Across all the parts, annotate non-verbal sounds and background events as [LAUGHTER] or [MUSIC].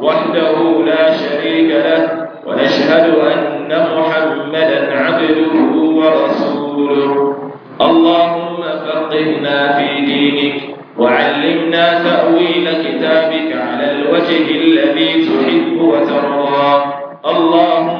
وحده لا شريك له ونشهد أن محمدا عبده ورسوله اللهم فقهنا في دينك وعلمنا تأويل كتابك على الوجه الذي تحب وترضى اللهم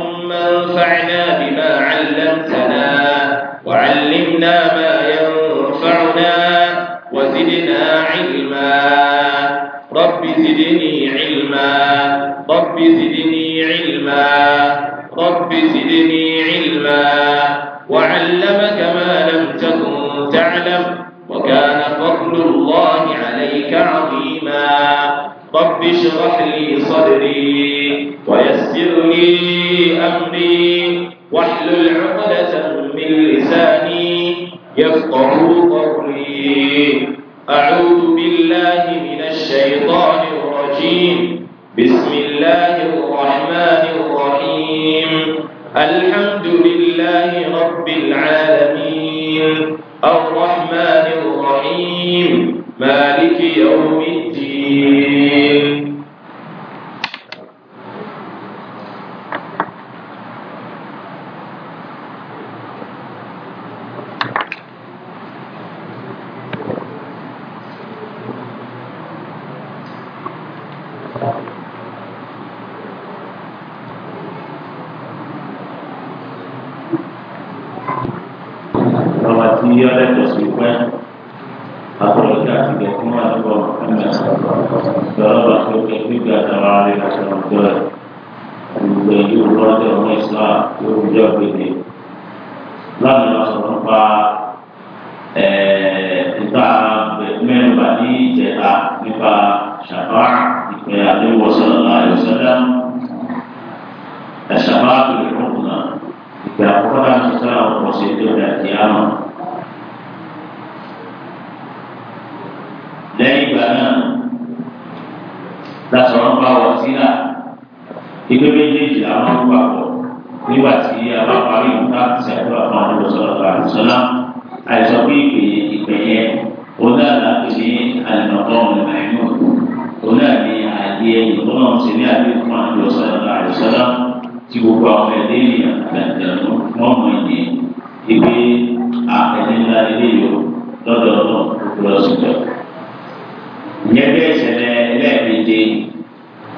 الرحمن الرحيم ما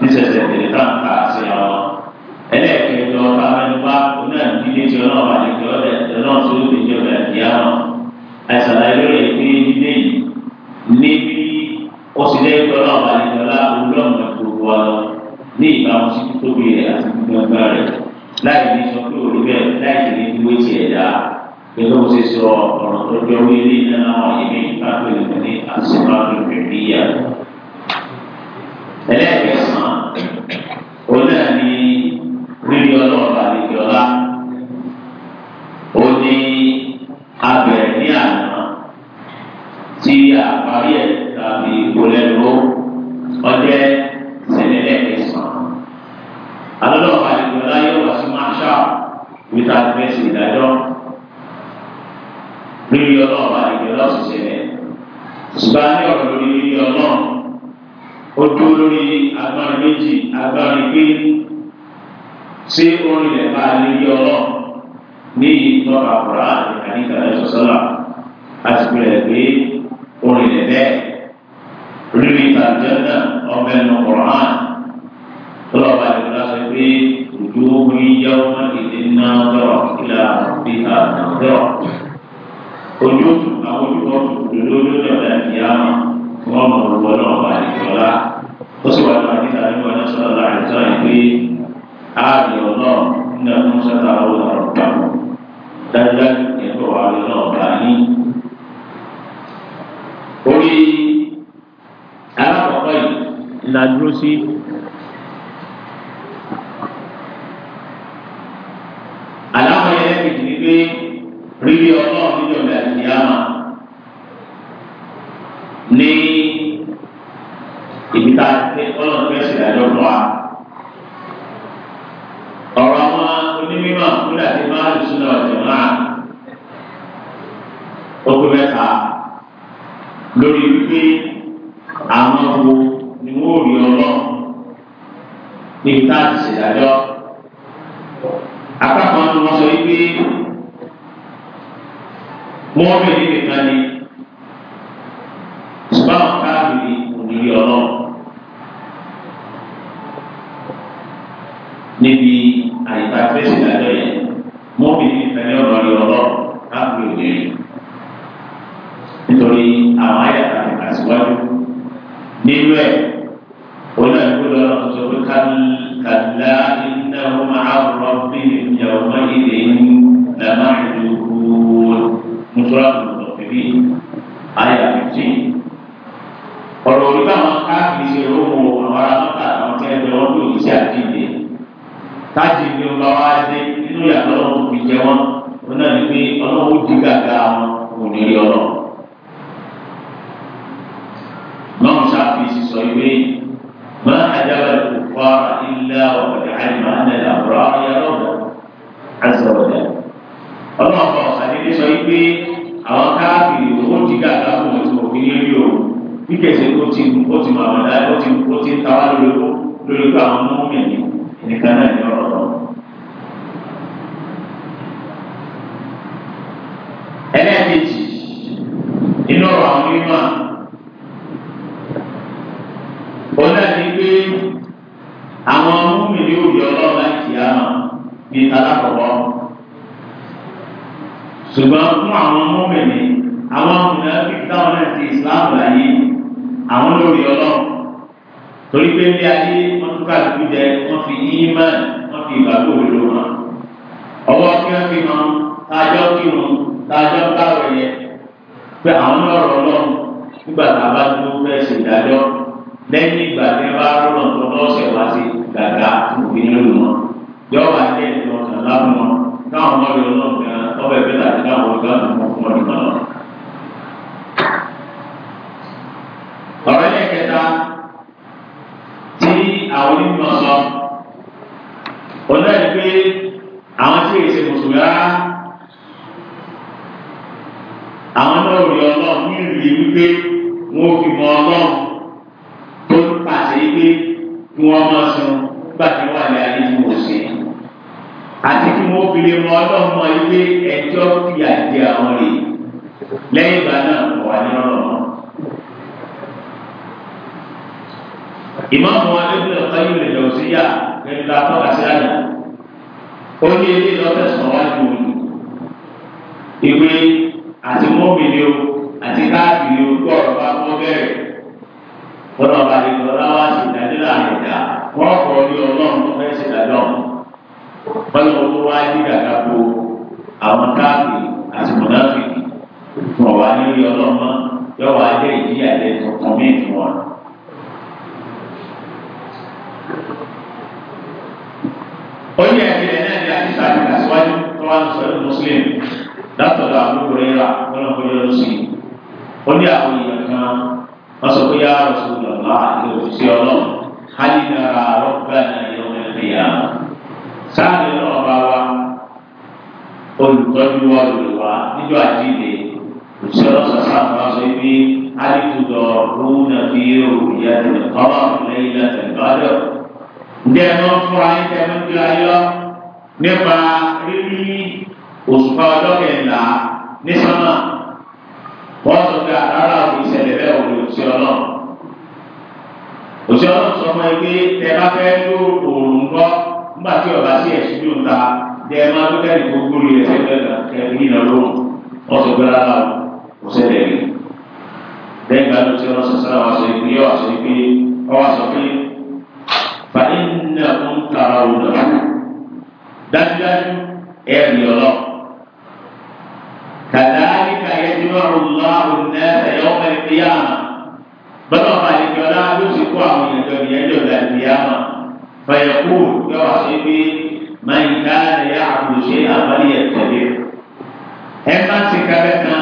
nísẹsẹ tẹlẹ náà kà á sí ọ ẹlẹ́ẹ̀kẹjọ kámẹ́nugbá onáà dídé tí ọlọ́ọ̀bà lè jọ ọ̀dẹ ọlọ́ọ̀ tó lè jọ ọ̀dẹ ìyá náà àìsàn ayé rẹ̀ pé dídé yìí níbi ó sì lé ẹgbẹ́ ọlọ́ọ̀bà lè jọ láàbù lọ́mọ gbogbo ọlọ ní ìbámu sí tóbi rẹ̀ àti gbígbọ́ngbà rẹ̀ láì ní sọ pé òru bẹ́ẹ̀ láì la dúró المسلمين ما عجب الكفار إلا وقد علم أن الأبرار يرونه عز وجل الله حديث صحيح àwọn káàkiri ó ti ká àtàkùn ọ̀tún òfin ní rí o bí kẹsẹ̀ ó ti ó ti mọ àwọn dáadáa ó ti ó ti ń ta wá lórí ó àwọn ọmọ mi ní nìkan náà ní ọ̀rọ̀ náà. ẹlẹ́ẹ̀kejì inú ọ̀rọ̀ àwọn mímọ́ ṣùgbọ́n fún àwọn mọ́mìnì àwọn mùnàfíì táwọn náà ti islam láyé àwọn lórí ọlọ́run torí pé bí ayé wọn tún káàdùkú jẹ wọn fi yíman wọn fi ìgbàgbọ́ òdodo wọn ọwọ́ kí wọ́n fi hàn tájọ́ kí wọn tájọ́ káwọ̀ yẹ pé àwọn lọ́rọ̀ ọlọ́run nígbà tá a bá dúró fẹ́ ṣèdájọ́ lẹ́yìn ìgbà tí wọ́n bá rọ̀nà tó lọ́sẹ̀ wá sí gàgà òbí nínú wọn yọ̀ọ́ wá jẹ́ ìtọ́jú aláwọ̀ káwọn ọmọ rẹ̀ ọlọ́run ọbẹ̀ bí láti ká àwọn ọ̀gá àwọn ọmọ ọdún náà. ọ̀rọ̀ ilé kẹta tí àwọn onímọ̀ sọ ọ̀dọ́ ẹ̀ pé àwọn tí èsì mùsùlùmí rárá àwọn náà rí ọlọ́run ní ìrírí wípé wọ́n fi mọ ọlọ́run tó ń pàṣẹ wípé kí wọ́n máa sun gbàgbé wà ní ayé tí wọ́n ṣe àti wọn fi lè mọ ọlọ́mọ ilé ẹjọ́ fi àjẹ àwọn rè lẹ́yìn ìgbà náà kọ̀ wá ní ọlọ́mọ. ìmáàmù wa lébùn ẹ̀kọ́ yìí lè lọ sí yá lẹ́nu tá a tọ́ka sí àná. ó ní ilé lọ́fẹ̀ sọ̀rọ̀ wá ju ìwé àti mọ́mìnì o àti káàdì o kó ọ̀rọ̀ bá kọ́ bẹ̀rẹ̀. wọ́n lọ́ọ́ bá lè lọ́ọ́ ìdájọ́ àyẹ̀dá wọ́n kọ́ ọ báyọ̀ wọn tó wá ní gàgà kó àwọn káàkì àti mọ̀nàfì wọn wá ní ọlọ́mọ yọ wá jẹ́ ìdíyà jẹ́ tuntun mí fún wọn. oyin ẹ̀kẹ́ náà ni àti sáré àsíwájú tó wá ń sọ̀rọ̀ mùsùlùmí látọ̀dọ̀ àwọn obìnrin rà lọ́nà kó yọrọ sí i. ó ní àwọn èèyàn kan wọ́n sọ pé yá Rasulullah àti òṣìṣẹ́ ọlọ́run hali nara rọ́bà náà yọ̀ ọ́ sáàlì náà bá wa olùtọ́jú wa olùwà níjọ́ àjíǹde òṣèlú sàṣà máa sọ pé alìkùdọ̀ rúnà bí òòyà tẹ̀lẹ́kọ́rọ̀ lẹ́yìn látẹ̀lẹ́kọ́dọ̀. ǹjẹ́ ẹ máa ń fún ayé tẹ́ ló ń gbé ayọ́ nípa rírí òṣùpá ọjọ́ kẹrìnlá ní sánmà wọ́n sọ pé àrárá òun ìṣẹ̀lẹ̀ bẹ́ẹ̀ òun òṣèlú náà òṣèlú sọ fún ẹ pé tẹ bá fẹ́ lóòrùn gbọ́ nígbà tí ọba sí ẹ̀sùn yóò ta dẹ́ẹ̀ máa tó kẹ́rì tó gbórí ẹ̀sẹ̀ bẹ́ẹ̀ kẹ́rì yìí náà lóhùn ọ̀sọ̀ gbẹ́rẹ́ ara kò sẹ́lẹ̀ rí bẹ́ẹ̀ gba ló ti rán sọ̀sọ́ àwọn aṣọ ìpín yóò aṣọ ìpín ọwọ́ aṣọ pé fàdé náà ń tara òun náà dájúdájú ẹ̀rì ọlọ́ kàdáríkà yẹtí lọ́rùn lọ́rùn náà ẹ̀yọ́ bẹ́ẹ̀ kíyàmà bọ́lá ọba àlejò ló ti kó àwọn ìyẹn jọ ìyẹn jọ ìyá فيقول يا حبيبي من كان يعبد شيئا فليتبعه ẹ̀ka ti kẹ́kẹ́ kan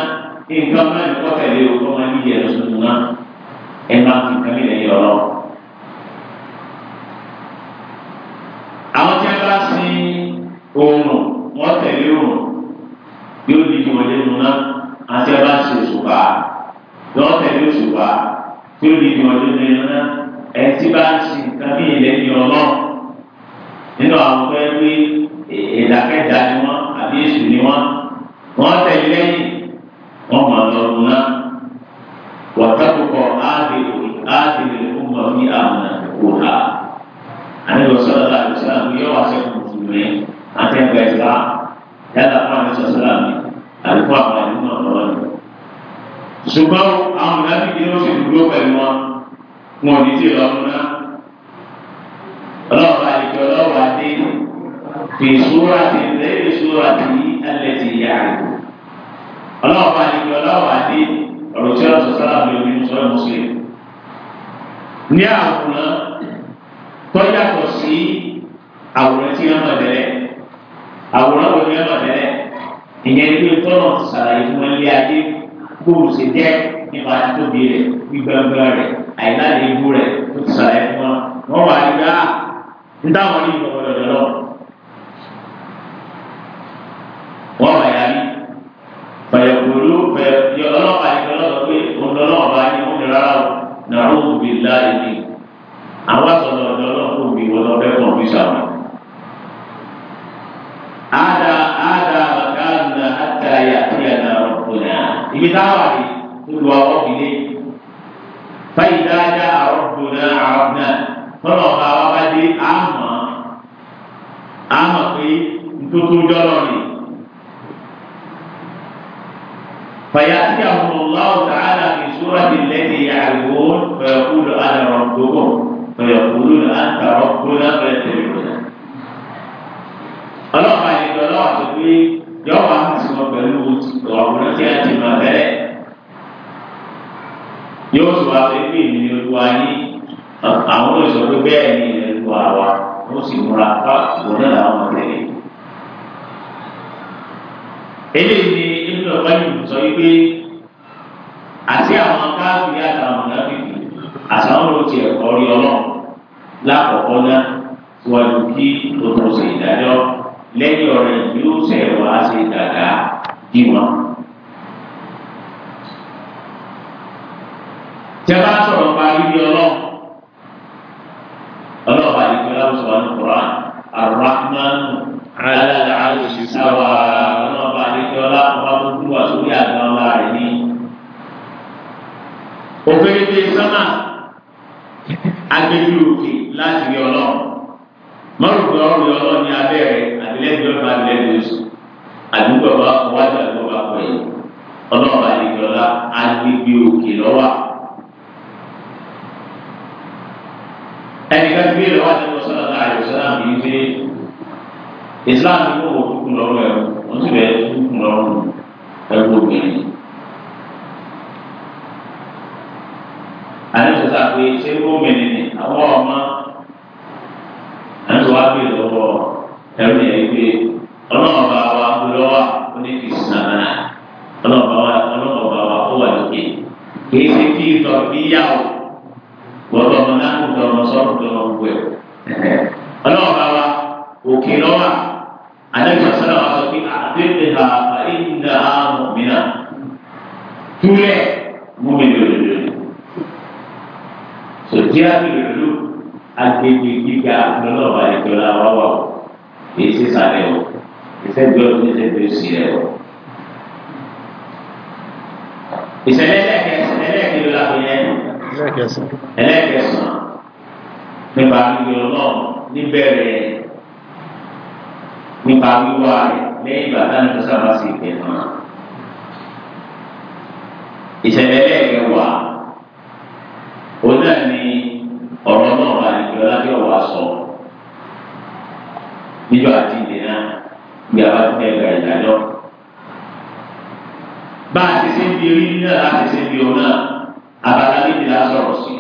nǹkan máa ń kọ́ tẹ̀lé o kọ́ máa ń yíyẹ lọ́sùn náà ẹ̀ka ti kẹ́kẹ́ lẹ́yìn ọ̀rọ̀. àwọn tí wọ́n bá sin oòrùn wọ́n tẹ̀lé oòrùn yóò di ìwọ̀n lẹ́nu àti ẹ̀ bá sin òṣùpá lọ́ọ́ tẹ̀lé òṣùpá yóò di ìwọ̀n lẹ́nu ẹtí bá ń sin nǹkan bí ilẹ̀ ní ọlọ́run nínú àwọn pẹ́ pé ìdákẹ́jà ni wọ́n àbí èṣù ni wọ́n wọ́n tẹ̀lé lẹ́yìn wọ́n mọ̀ lọ́rùn náà wọ́tàkùkọ̀ áàbìlì ọmọ ní àwọn àdìkò ha àníwọ̀sọ̀rọ̀ láti sàmù yọ àṣẹkù tùmẹ̀ àtẹ̀gbẹ̀ ìlà yálà fún àmì sọ̀sọ̀rọ̀ àmì àwọn àdìkò náà ni. ṣùgbọ́n àwọn ìlànà ìdílé ó dúró pẹ̀lú wọn wọn ò ní tí lọ́mú náà ọlọ́ọ̀bá àdìgbò ọlọ́wà dé fi sùúrà ti lẹ́yìn sùúrà ti alẹ́ ti yá ọlọ́ọ̀bá àdìgbò ọlọ́wà dé ọ̀rọ̀ tí ọ̀sán sábà bí omi sọ́ọ́ mùsùlùmí ní àwòrán tó yàtọ̀ sí àwòrán tí wọ́n mọ̀ àwòrán wo ni wọ́n mọ̀ ìyẹn ní tọ́nà sàlàyé fún wọn lé ayé gbòòsè jẹ́ nípa tóbi rẹ̀ gbígbàgbà rẹ̀ àìláde ibú rẹ̀ ó ti sàlàyé fún wa wọ́n wà ní gbà ń dáwọn ní ìgbà ọ̀dọ̀ lọ. wọ́n wà yá ní fàyẹ̀kùrú fẹ̀yẹ̀ ọlọ́pàá ìgbà lọ́dọ̀ pé òun lọ́nà ọba ní òun rárá o náà ó wù mí láàyè ní. àwọn àtọ̀nà ọ̀dọ̀ náà kò bí wọn lọ bẹ́ẹ̀ kàn sàmì. ada ada makan hatta ya'tiyana rabbuna ibi táwa ni gbogbo àwọn ìdílé فإذا جاء ربنا عرفنا tọ́lọ̀ ọba wa bá dé àmọ́ àmọ́ pé ntuntun jọlọ ni fàyàtì àwọn ọlọ́wọ́ tààlà fi sóra ti lẹ́yìn ìyàwó fẹ̀yàkúlù àdàrọ̀ gbogbo fẹ̀yàkúlù àdàrọ̀ gbogbo fẹ̀yàtẹ̀lẹ̀ gbogbo. ọlọ́pàá yìí lọ́wọ́ àti pé yọ̀wọ̀ àti sọ̀rọ̀ pẹ̀lú a ti mọ̀ bẹ́ẹ̀ yóò sọ wá pé bí èmi olúwa yín àwọn olùsọ pé bẹ́ẹ̀ ni olúwa wa ó sì múra bá ìwọ náà làwọn ọ̀rẹ́ eléyìí ni ibùdó ọ̀pẹ́yìn sọ wípé àti àwọn káàkiri àtàwọn ọ̀nàbìbì àtàwọn olùtí ẹ̀kọ́ rí ọlọ́run lákọ̀ọ́kọ́ náà síwájú kí o tó ṣe ìdájọ́ lẹ́yìn ọ̀rẹ́ yóò ṣẹ̀ ṣe dàda dì wọ́n. tẹ́lá sọ̀rọ̀ pa ibi ọlọ́run ọlọ́run bá dìgbò láwùjọ sọ̀rọ̀ ní koran arahmanu aláàlú sáwà ọlọ́run bá dìgbò láwùjọ bá tó dúró àsórí àgbà ọlá rẹ̀ ní. òfèrèfé sọ́mà agbẹ́jú òkè láti rí ọlọ́run mọ́rùkọ́ ọ̀rọ̀ ọlọ́run ní abẹ́rẹ́ àtìlẹ́yìn ọ̀dọ́ àtìlẹ́yìn oṣù àdúgbò bá wájú àdúgbò bá pọ̀ yìí ọlọ́run bá Islam yóò wọ tukun lọ́rùn ẹ̀rọ wọ́n sì bẹ̀ẹ́ tukun lọ́rùn ẹ̀rọ obìnrin. àyẹ̀wò sọ́sà pé ṣé gómìnà ni àwọn ọmọ ẹ̀rọ wá pè lọ́wọ́ ẹ̀rọ ní nípa wíwá rẹ̀ lẹ́yìn ìgbà táwọn ìjọsìn àbá sì tẹ̀ náà. ìṣẹ̀lẹ̀ lẹ́ẹ̀kẹwàá ó náà ní ọ̀rọ̀ náà wà ní ìjọba bí ọ̀wá sọ níjọ́ àjíǹde náà bí a bá tún bẹ́ẹ̀ gba ìdájọ́. bá a ti ṣe ń bi orí náà a ṣe ń bi òun náà abala méjìlá sọ̀rọ̀ sí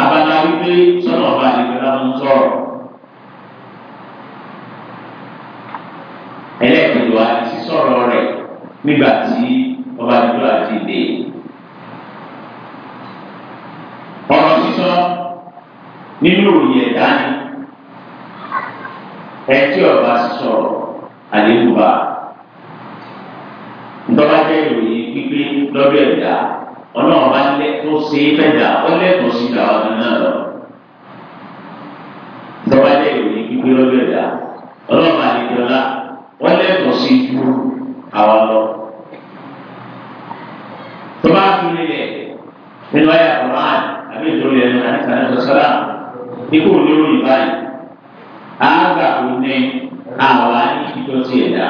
abala wípé sọ̀rọ̀ ọba àdìgbẹ́lá ń sọ̀rọ̀. wá ti sọ̀rọ̀ rẹ̀ nígbà tí ọba àdúgbò àti ìdè. ọ̀rọ̀ sísọ nínú òye ẹ̀dá ni ẹtí ọba sísọ àdébùbà ntọ́lájẹ́ ìròyìn pípé lọ́dọ̀ ẹ̀dá ọlọ́run bá lẹ́ tó ṣe é fẹ́dà ọlẹ́tọ̀ọ́ sí ìdá ọdún náà lọ. ntọ́lájẹ́ ìròyìn pípé lọ́dọ̀ ẹ̀dá ọlọ́run bá lè jọlá wọ́n lẹ́tọ̀ọ́ sí ju àwa lọ. tó bá tún lé lẹ̀ nínú ayé àkùrán àbí ìtòlẹ̀ ẹ̀rọ àti àlejò sọ́lá ikú ní orí báyìí àgbà kò ní àwa ní ìjọsí ẹ̀dá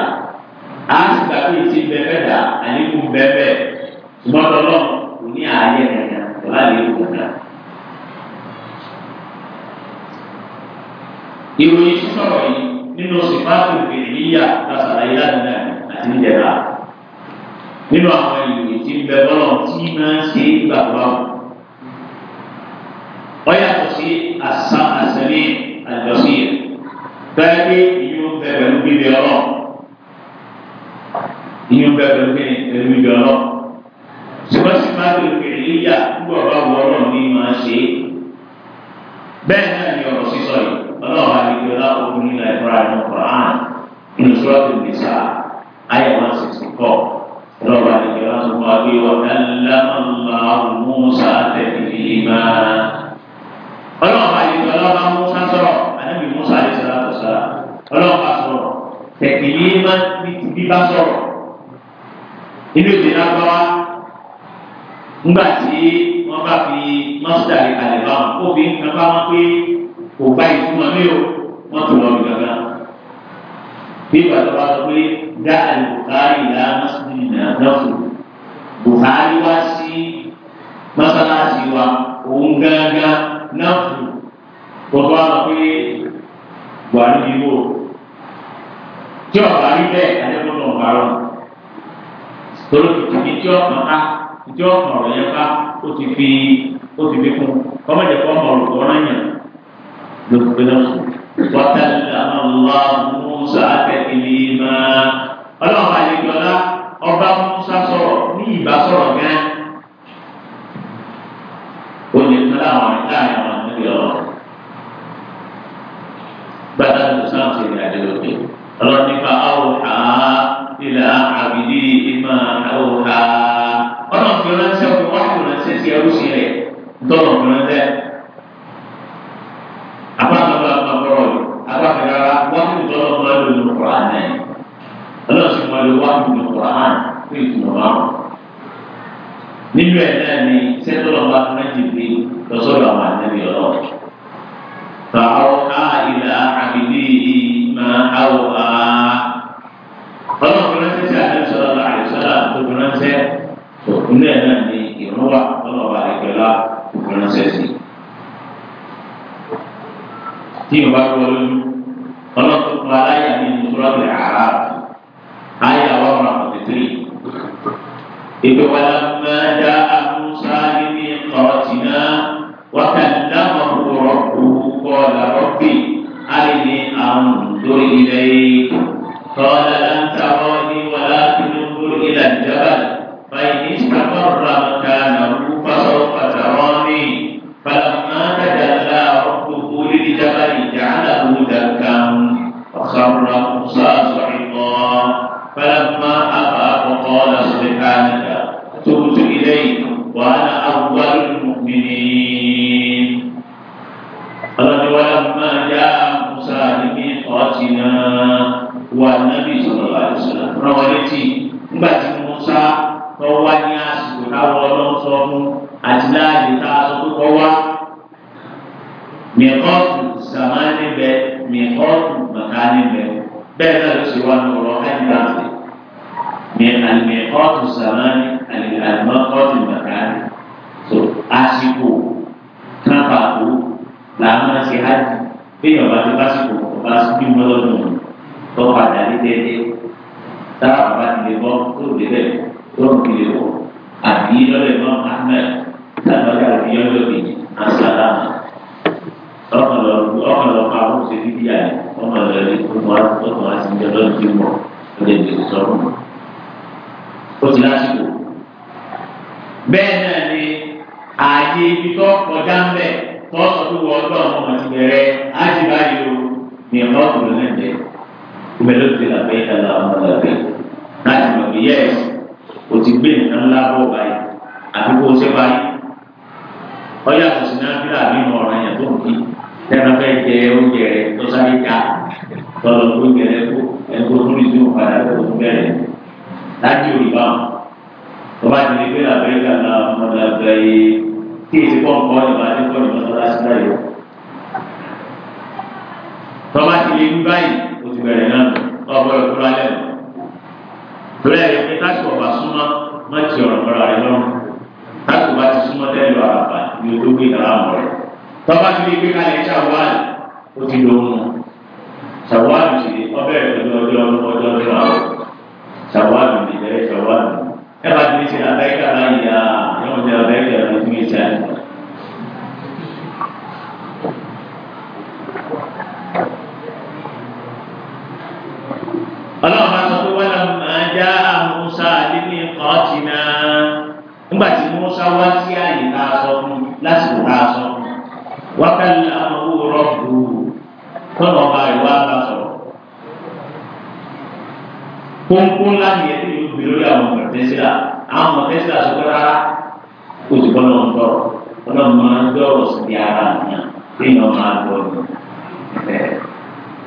àgbà kò tí bẹ́ẹ̀ dà àníkù bẹ́ẹ̀ ṣùgbọ́n lọ́lọ́ kò ní ààyè ẹ̀dá wọ́n lè wò ná. ìròyìn sísọ̀rọ̀ yìí nínú sìpáàtì ìgbìyà lásàlàyé lánàá àti ìjẹ̀dá nínú àwọn ìlú tí ń bẹ lọ́rọ̀ tí máa ń ṣe gbàgbọ́ wọ́n yàtọ̀ sí àṣà àṣẹlẹ̀ àjọṣe bẹ́ẹ̀ ni ìyóò bẹ pẹ̀lú bíbí ọlọ́ ìyóò bẹ pẹ̀lú bíbí ọlọ́ ṣùgbọ́n sìpáàtì ìgbìyà gbọ́dọ̀ wọ́ọ́rọ̀ máa ṣe bẹ́ẹ̀ náà fúnra ní Quran inú sọ́ọ̀tù nìsa ayé one sixty four lọ́wọ́ àdìgbẹ́ wọn sọ fún wa pé wọ́n dá Musa tẹ̀lé ìmá. ọlọ́run àdìgbẹ́ ọlọ́run Musa sọ̀rọ̀ àdìgbẹ́ Musa àdìgbẹ́ sọ̀rọ̀ sọ̀rọ̀ ọlọ́run bá sọ̀rọ̀ tẹ̀lé ìmá bíbá sọ̀rọ̀ inú ìdè náà bá wa ńgbà tí wọ́n nama fi mọ́sítà ìkàlẹ̀ bá wọn kó fi bí bàbá sọ pé dá àlùkárí ìlà mọ́sídìrì náà lọ́fù Buhari wá sí mọ́sálásí wa òun gángan náà fù gbogbo àwọn pé Buhari yìí wò tí ọba rí bẹ́ẹ̀ adébọ́tò ọba rọ̀ torí ìtìkí tí ọkàn á tí ọkàn ọ̀rọ̀ yẹn bá ó ti fi ó ti fi kún ọmọdé kọ́ ọmọ ọ̀rọ̀ tó rán yàn lóṣù pé lọ́sùn. وكلم الله موسى تكليما ọlọ́run àlejòlá ọba musa sọ̀rọ̀ ní ìbá sọ̀rọ̀ gẹ́ẹ́ ó lè tẹ́lẹ̀ àwọn ẹ̀ka àwọn ìpínlẹ̀ ọ̀rọ̀ gbàdá tó sáà ṣe ìrìn àjò lókè ọlọ́run nípa àwòrán ìlà àbídí ìmọ̀ àwòrán ọlọ́run fi ránṣẹ́ fún wákùnrin ṣe ti ẹrú rẹ̀ ńtọ́nà fi ránṣẹ́. nínú ẹ̀ náà ni sẹ́tọ̀lọ́ bá fún ẹ̀jẹ̀ pé lọ́sọ̀rọ̀ àwọn àtẹ́bí ọ̀rọ̀ fàáwọ̀ á ìlà àbílí máa áwọ̀ á. ọlọ́run ránṣẹ́ sí àdéhùsọ̀rọ̀ àdéhùsọ̀rọ̀ tó fi ránṣẹ́ nínú ẹ̀ náà ni ìrànwọ́ ọlọ́run àdéhùsọ̀rọ̀ tó fi ránṣẹ́ sí. tí ìwà wọlé bá ti lè gbé kalẹ̀ ṣàwáàlì ó ti lò ó nù ṣàwáàlì sì ni ọbẹ̀ ọjọ́ ọjọ́ ọjọ́ ọjọ́ àwọn ṣàwáàlì ti bẹ̀rẹ̀ ṣàwáàlì ẹ bá ti ní ṣe abẹ́kẹ́ àbáyé yà á yọ̀ ọ́ tọ́lọ̀ ọba ìwà bá sọ̀rọ̀ kónkó ńlá ni ẹni yóò gbé lórí àwọn ọmọ tẹ́sílà àwọn ọmọ tẹ́sílà sọ̀rọ̀ rárá o ti kọ́ lọ́wọ́ tọ̀rọ̀ ọlọ́run máa ń dọ̀rọ̀ sí bí ara nìyàn kéèyàn máa gbọ́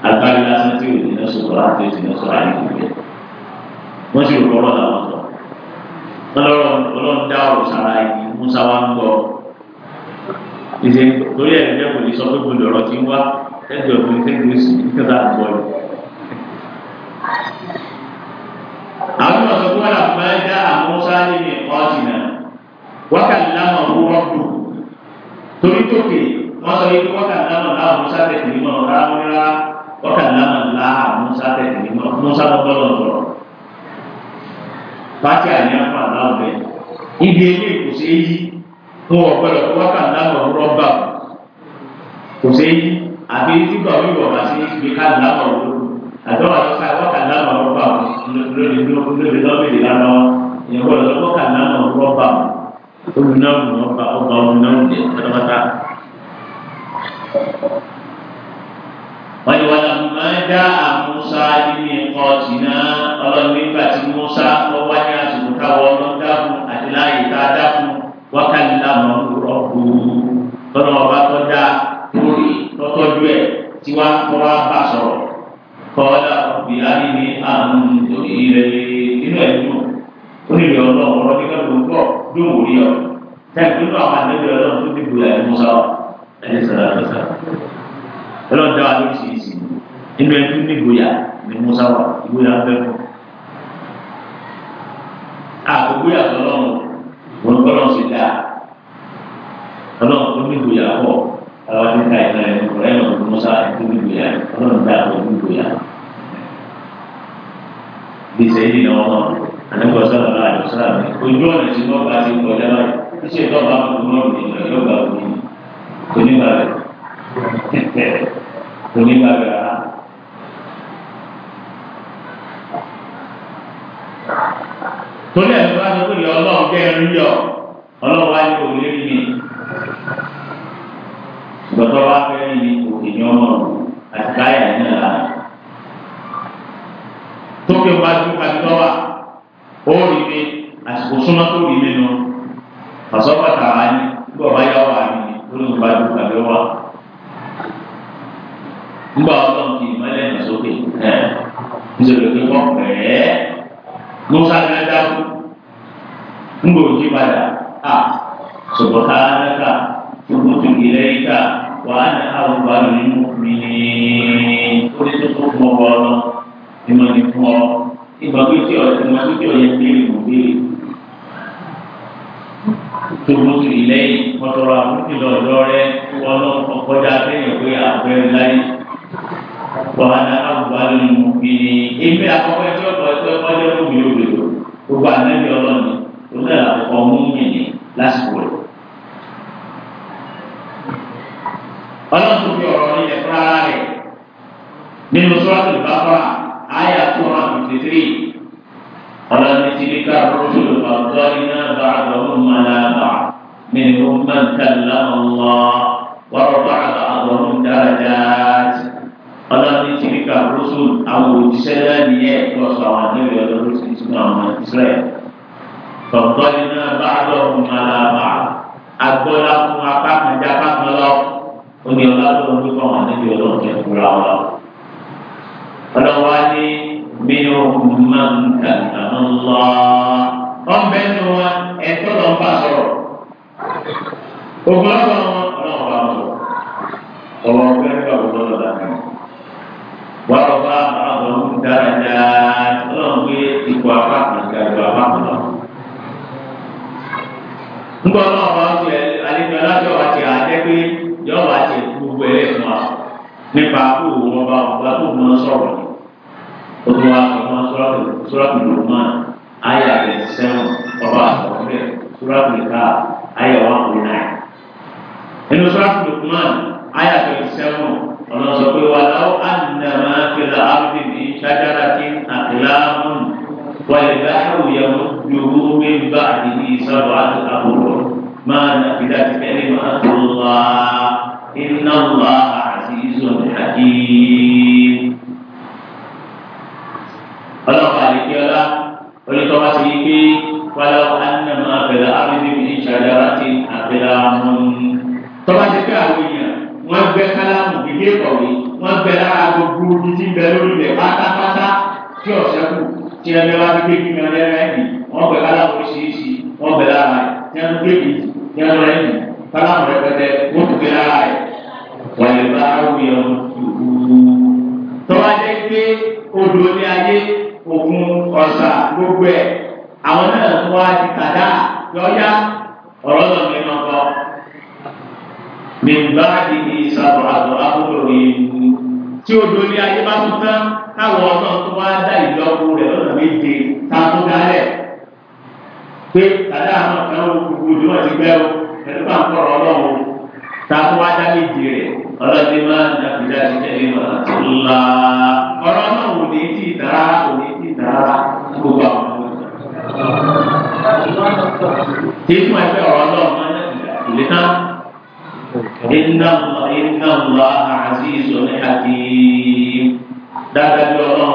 agbára lásán tí òdì náà sọ̀rọ̀ àti òdì náà sọ̀rọ̀ àyè gbogbo wọ́n sì rò kọ́ lọ́wọ́ tọ̀rọ̀ ọlọ́run dá ọ̀rọ̀ sára yìí musa wa ń gbọ́ ìṣe torí ẹ̀ sẹ́gbẹ̀ẹ́ òfin sẹ́gbẹ̀ẹ́ òsì nígbà tá à ń bọ̀ yìí. àwọn ọ̀sán tó wà láfúnmá dá àwọn sáré ní ẹ̀kọ́ jìnnà wákàtí láwọn ọ̀hún rọ́pù torí tókè wọ́n sọ yìí wákàtí láwọn láwọn sáré tì nímọ̀ ráúrá wákàtí láwọn láwọn sáré tì nímọ̀ mọ́sá lọ́gbọ́lọ́ ọ̀rọ̀ pàtí àyàn fún àláwọ̀ bẹ́ẹ̀ ibi ilé kò sí èyí wọn ò gbọdọ̀ wákàtí láwọn rọ́bà kò sí èyí àti sígbà omi bọ̀ máa ṣe gbé káàdì lábọ̀ ọ̀rọ̀ àdọ́wà lọ́ka wọ́kà lábọ̀ ọ̀rọ̀ bá lórí lórí lọ́bìrì lára ìyẹn wọ́n lọ́ wọ́kà lábọ̀ ọ̀rọ̀ bá omi náà mú ọba ọba omi náà mú jẹ pátápátá. wọ́n yẹ wọ́n lọ́mú máa dá àmúṣá nínú ẹ̀kọ́ tìǹà ọlọ́run nígbà tí Mùsá ọwọ́ ní àsìkò káwọ́ ọlọ́run dákun tá a dákun wọ́kà lábọ̀ ọ̀rọ̀ tiwa kọ́ra bá sọ̀rọ̀ kọ́ra bí aríní àrùn torí ilẹ̀ nínú ẹ̀dùn ó lè yọ ọlọ́run ọ̀rọ̀ nígbà tó ń bọ̀ ló wò rí ọ tẹ́kùn nínú àwọn àdébí ọlọ́run tó dìbò ẹ̀ mọ́sá ẹ̀ sọ̀rọ̀ àtọ́sà ọlọ́run dáwà lóríṣiríṣi nínú ẹ̀dùn nígboyà ni mọ́sá wà ìgboyà ń bẹ́ fún àkókò yàtọ̀ ọlọ́run wọn kọ́ lọ́sìn dáa ọlọ́run tó nígboyà pọ̀ kalau kita ini mulai berusaha itu dulu ya kalau tidak dulu ya di sini nomor anda nggak usah lah nggak usah lah tujuan di sini nggak sih nggak jalan itu sih itu apa nomor ini nggak nggak ini ini nggak ini nggak torí ẹ̀ tó bá sọ pé ìyá ọlọ́run kẹ́ ẹ rí ọ ọlọ́run wá ní òun lérí mi gbọ́dọ̀ wá fẹ́ ní òkè ní ọmọ àti táyà ní ọ̀la. tókè wá sí pàtó wa ó rí mi àsìkò súnmọ́ tó rí mi nù pàṣọpọ̀ tàwa ní gbọ́ wá yá wà mí ó ló ń bá dùn tàbí wá. nígbà ọlọ́run kì í mọ́lẹ̀ ní sókè nítorí pé wọ́n pẹ̀lẹ́ musa ní adágún ńgbòòjì padà. tòrò sí lẹ́yìn mọ́tòrò àbúrò lọ́dọ̀ rẹ wọ́n lọ kọjá sẹ́yìn pé àbẹ̀ láyé wàhálà àwùjọ àlùmọ̀ bìíní ebi àkọ́kọ́ ẹjọ́ ọ̀pọ̀ ẹjọ́ ọ̀pọ̀ ẹjọ́ ọ̀pọ̀ mi ò lè lò gbogbo ànábi ọlọ́ni òun náà àkọ́kọ́ mú yìnyín lásìkò rẹ̀. ọlọ́run tó fi ọ̀rọ̀ nílẹ̀ fúnra rẹ̀ nínú sọ́ọ́tù ìbáfọ́ra منهم من كلم الله ورفع بعضهم درجات ọlọ́run ti ní ká rọ́ṣùn àwọn òjíṣẹ́ náà nìyẹn lọ́sọ̀ àwọn àdéhùn ọlọ́run ti tún àwọn ìṣẹ́lẹ̀ tọ̀tọ̀ iná bá lọ́run aláàbà agbọ́lá fún apá kan já apá kan lọ ó ní ọlọ́run tó kọ́ àwọn àdéhùn ọlọ́run ti fura wọn. ọlọ́run wá ní mi ò máa ń kàkà ń lọ. wọ́n bẹ́ẹ̀ ni wọ́n ẹ̀ tó lọ́ọ́ bá sọ̀rọ̀. Ògùn lábàá wọn ọlọ́run bá wọn sọ. Ọ̀rọ̀ ọ̀gbẹ́ nígbà wo lọ́dọ̀ dàbí. Wà á bá àwọn ọ̀hún dáadáa lọ́n gbé ipò apá kan ga ju apá kan lọ. Ńgbà ọlọ́run bá ń pè àlejò aláṣọ àti àtẹ́gbé yọ̀ọ̀ àti gbogbo ẹlẹ́fun wa nípa kó wọn bá wọn bá tó wọn sọ̀rọ̀ ni. Ó tún wá sọ wọn sọ́rọ́ tó lò sẹ́wọ̀n ọba àtọ̀rọ̀ rẹ̀ sọ́rọ́ tó lè ká ayé wa kò náà nínú sọ́ọ́sì Lukman ayé àtẹ̀lẹ́ sẹ́wọ̀n ọ̀nà sọ pé wà láwọ́ ànàmà fìlà ábùdì ní ṣájára kí àkìláàmù wà lè bá àwọn ìyàwó yòówó wé bá àdìní sábà àbúrò máa nà fìlà tìkẹ́lì máa tó lọ́wọ́ iná lọ́wọ́ àti ìzòmí àti ọlọ́pàá àdìkẹ́lá onítọ́wá sí pé wà láwọ́ ànàmà fìlà ábùdì ìṣàjáratì àbẹ̀lámù. tọ́ba ti pé àwọn èèyàn wọ́n gbẹ́ kálámù gbígbé kọ̀wé wọ́n gbẹ́ lára gbogbo títí bẹ lórí rẹ̀ pátápátá tí ọ̀sẹ́kù tí ẹgbẹ́ wa gbígbé kí wọ́n lẹ́rẹ́ ẹ̀mí wọ́n gbẹ́ kálámù oríṣiríṣi wọ́n gbẹ́ lára rẹ̀ tí wọ́n gbé kì tí wọ́n lẹ́rẹ́ ẹ̀mí kálámù rẹpẹtẹ wọ́n gbẹ́ lára rẹ̀ wọ́n lè bá wíyọ̀ tọ́ba di kàdá lọ́yá ọ̀rọ̀ náà ní ma kọ́ ní báàgì ní ìsàbọ̀ àbọ̀ àbúrò yìí tí o doli ayé bá tún tán káwọn ọ̀nà tó wá dá ìlọ́wọ́ rẹ̀ lọ́nà méje tá a tún dálẹ̀ pé tàdá àwọn kan ó gbogbo ìlú wọn ti gbẹ́ o pẹ̀lú bá ń kọ́ ọ̀rọ̀ ọlọ́run tá a wá dá méje rẹ̀ ọlọ́dẹ máa ń dàbídá sí ẹni máa tó la ọ̀rọ̀ náà ò ní tí ì dára ò ní tí ì dára gbogbo àwọn ọmọ Ikú ẹgbẹ́ ọ̀rọ̀ náà lè tán. Iná iná ńlá àzízọ ní àti dáadájú ọlọ́run.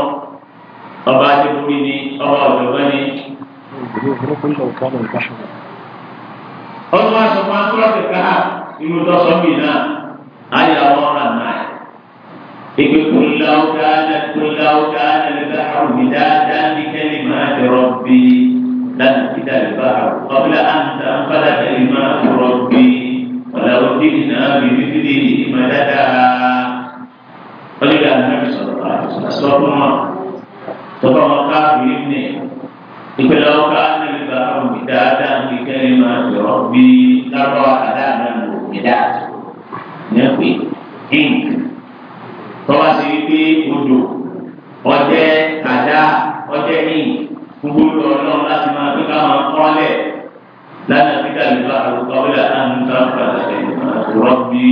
Ọba Adébúrí ni ọba ọ̀dọ́gbọ́n ni. Ọdún aṣọ máa ń kúrọ̀tì ká inú lọ́sọ̀mì náà. Ayé àwọn ọ̀ràn náà. إذ قل لو كان قل لو كان البحر مدادا لكلمات ربي لن تدع البحر قبل أن تنفذ كلمات ربي ولو جئنا بمثله مددا فلقى النبي صلى الله عليه وسلم أسوأهما طبعا كافي ابني يقول لو كان البحر مدادا بكلمات ربي لرى ألاما مدادا نقول إنك طبعا سيدي وجو وجه كذا وجه إنك gbogbo ọ̀nà láti máa fi káwọn kọ́lẹ̀ lánàá fi dàbí bá àwùjọ wíwà àǹtà padà ẹ̀rọ bí.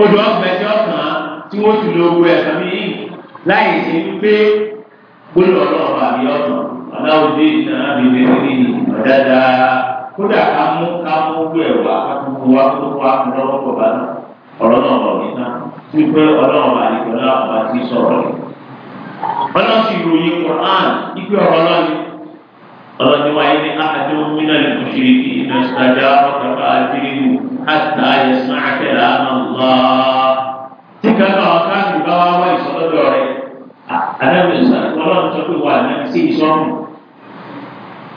odò ọ̀gbẹ́jọ́ kan tí wọ́n ti lo owó ẹ̀ka mi láì ṣe wípé gbogbo ọ̀nà ọ̀rọ̀ àbí ọ̀nà aláwọ̀dé ìdáná mi lè rí ọ̀dàdà kódà ká mú ká mú owó ẹ̀ wá kó wá kó wá lọ́wọ́ pọ̀ bá náà ọ̀rọ̀ náà tí wípé ọlọ́run ọlọ́run sì ròyìn Qur'an ipe ọ̀rọ̀ ọlọ́run ọlọ́run wa yẹn ní ahadu mina lè kó ṣeré kí iná ṣáájá ọ̀kọ̀ọ̀kọ̀ àdéhùn àtà ẹ̀sán àkẹ́rẹ́ àmàlá. tí kankan ọ̀ká mi bá wá wá ìsọlọ́dọ̀ rẹ̀ àdáwọ̀ ìsọ̀rọ̀ ọlọ́run tó pè wá náà sí ìsọ̀rùn.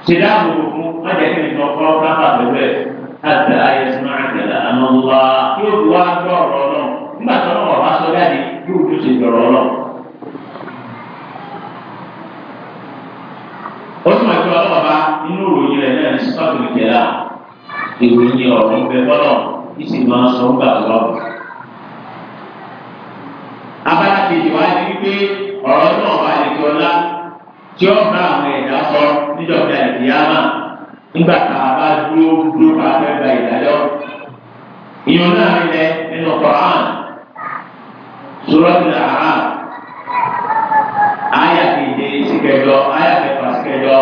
ṣèdá àbòrò májèké nìkan kọ́ káfà bẹ̀rẹ̀ àtà ẹ̀sán àkẹ́rẹ́ àmàlá yóò wá gbọ́ ọ̀rọ̀ ó sì máa ń gbọ́ ọlọ́ọ̀bá nínú ìròyìn rẹ̀ náà ní sípàtò ìjẹ́lá ìròyìn ọ̀rọ̀ bẹ bọ́lọ̀ ìsì máa sọ ń gbà lọ. abala kejì wá ní wípé ọ̀rọ̀ náà wà lẹ́kẹ́ ọlá tí ó bá àwọn ẹ̀dá sọ níjọba ìdíyàmà nígbà tá a bá dúró dúró bá a fẹ́ gba ìdájọ́ ìyọ̀n náà rí lẹ nínú Kùránì Suratul A'raf kẹjọ ayé àkẹfà sí kẹjọ